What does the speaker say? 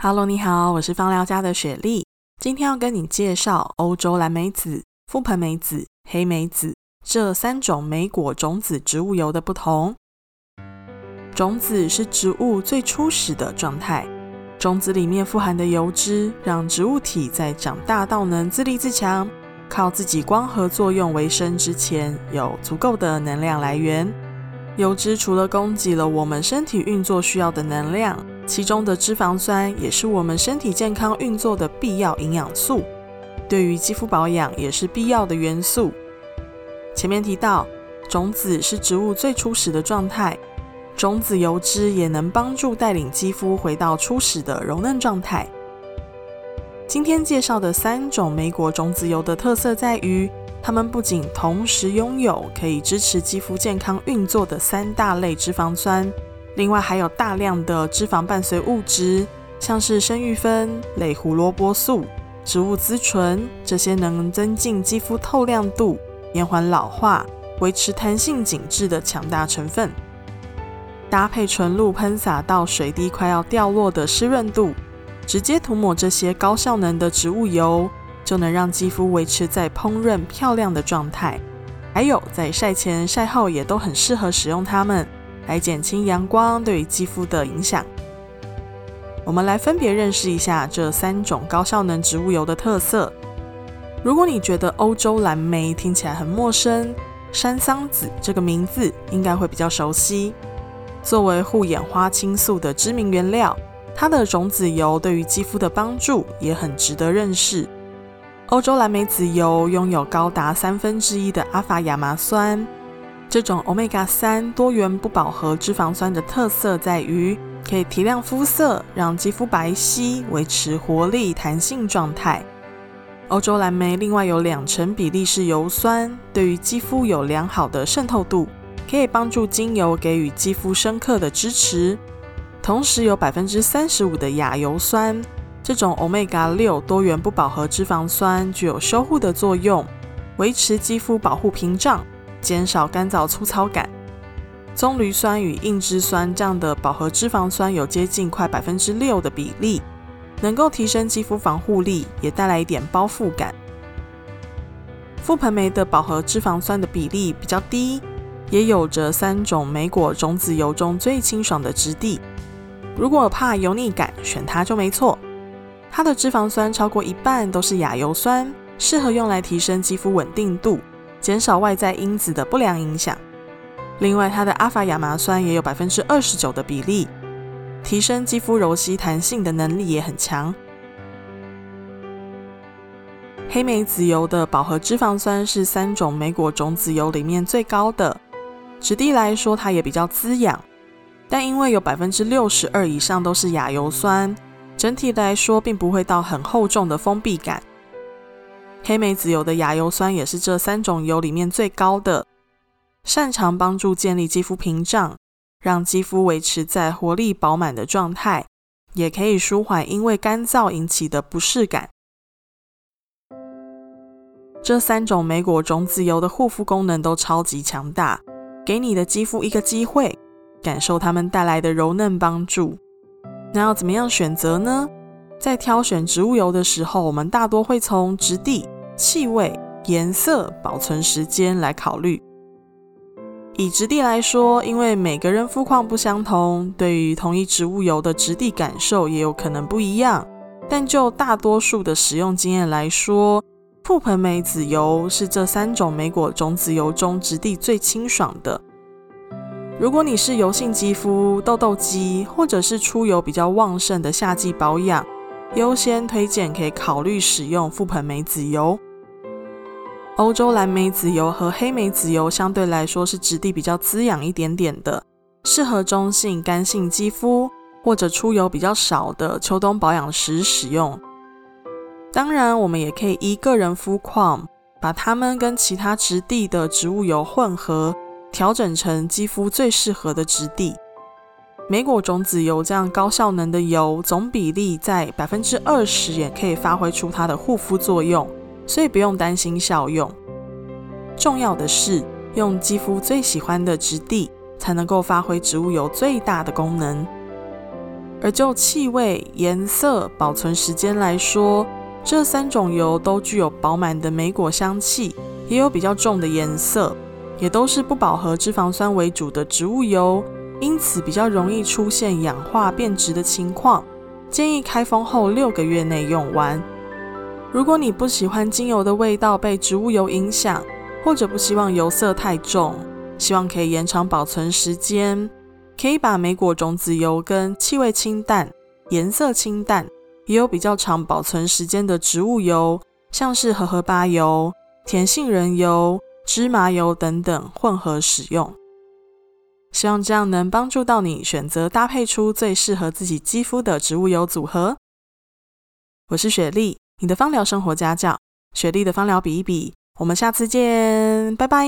哈嘍，你好，我是芳療家的雪莉。今天要跟你介紹歐洲藍莓籽、覆盆莓籽、黑莓籽這三種莓果種子植物油的不同。種子是植物最初始的狀態，種子裡面富含的油脂，讓植物體在長大到能自立自強、靠自己光合作用維生之前，有足夠的能量來源。油脂除了供給了我們身體運作需要的能量。其中的脂肪酸也是我們身體健康運作的必要營養素，對於肌膚保養也是必要的元素。前面提到，種子是植物最初始的狀態，種子油脂也能幫助帶領肌膚回到初始的柔嫩狀態。今天介紹的三種莓果種子油的特色在於，它們不僅同時擁有可以支持肌膚健康運作的三大類脂肪酸。另外還有大量的脂肪伴隨物質，像是生育酚、類胡蘿蔔素、植物甾醇，這些能增進肌膚透亮度、延緩老化、維持彈性緊緻的強大成分。搭配純露噴灑到水滴快要掉落的濕潤度，直接塗抹這些高效能的植物油，就能讓肌膚維持在澎潤漂亮的狀態。還有在曬前曬後也都很適合使用它們。來減輕陽光對於肌膚的影響。我們來分別認識一下這三種高效能植物油的特色。如果你覺得歐洲藍莓聽起來很陌生，山桑子這個名字應該會比較熟悉。作為護眼花青素的知名原料，它的種子油對於肌膚的幫助也很值得認識。歐洲藍莓籽油擁有高達三分之一的阿法亞麻酸。這種 Omega 三多元不飽和脂肪酸的特色在於可以提亮膚色，讓肌膚白皙，維持活力彈性狀態。歐洲藍莓另外有兩成比例是油酸，對於肌膚有良好的滲透度，可以幫助精油給予肌膚深刻的支持。同時有百分之三十五的亞油酸，這種 Omega 六多元不飽和脂肪酸具有修護的作用，維持肌膚保護屏障。減少乾燥粗糙感。棕櫚酸與硬脂酸這樣的飽和脂肪酸有接近快百分之六的比例，能夠提升肌膚防護力，也帶來一點包覆感。覆盆莓的飽和脂肪酸的比例比較低，也有着三種莓果種子油中最清爽的質地。如果怕油膩感，選它就沒錯。它的脂肪酸超過一半都是亞油酸，適合用來提升肌膚穩定度。減少外在因子的不良影響。另外，它的阿法亞麻酸也有百分之二十九的比例，提升肌膚柔細彈性的能力也很強。黑莓籽油的飽和脂肪酸是三種莓果種子油裡面最高的，質地來說它也比較滋養，但因為有百分之六十二以上都是亞油酸，整體來說並不會到很厚重的封閉感。黑莓籽油的亞油酸也是這三種油裡面最高的，擅長幫助建立肌膚屏障，讓肌膚維持在活力飽滿的狀態，也可以舒緩因為乾燥引起的不適感。這三種莓果種子油的護膚功能都超級強大，給你的肌膚一個機會，感受它們帶來的柔嫩幫助。那要怎麼樣選擇呢？在挑選植物油的時候，我們大多會從質地。氣味、顏色、保存時間來考慮。以質地來說，因為每個人膚況不相同，對於同一植物油的質地感受也有可能不一樣。但就大多數的使用經驗來說，覆盆莓籽油是這三種莓果種子油中質地最清爽的。如果你是油性肌膚、痘痘肌，或者是出油比較旺盛的夏季保養，優先推薦可以考慮使用覆盆莓籽油。歐洲藍莓籽油和黑莓籽油相對來說是質地比較滋養一點點的，適合中性、乾性肌膚或者出油比較少的秋冬保養時使用。當然，我們也可以依個人膚況，把它們跟其他質地的植物油混合，調整成肌膚最適合的質地。莓果種子油這樣高效能的油，總比例在百分之二十也可以發揮出它的護膚作用。所以不用擔心效用，重要的是用肌膚最喜歡的質地，才能夠發揮植物油最大的功能。而就氣味、顏色、保存時間來說，這三種油都具有飽滿的莓果香氣，也有比較重的顏色，也都是不飽和脂肪酸為主的植物油，因此比較容易出現氧化變質的情況，建議開封後六個月內用完。如果你不喜歡精油的味道被植物油影響，或者不希望油色太重，希望可以延長保存時間，可以把莓果種子油跟氣味清淡、顏色清淡、也有比較長保存時間的植物油，像是荷荷巴油、甜杏仁油、芝麻油等等混合使用。希望這樣能幫助到你選擇搭配出最適合自己肌膚的植物油組合。我是雪莉。你的芳療生活家教，雪莉的芳療比一比，我們下次見，拜拜。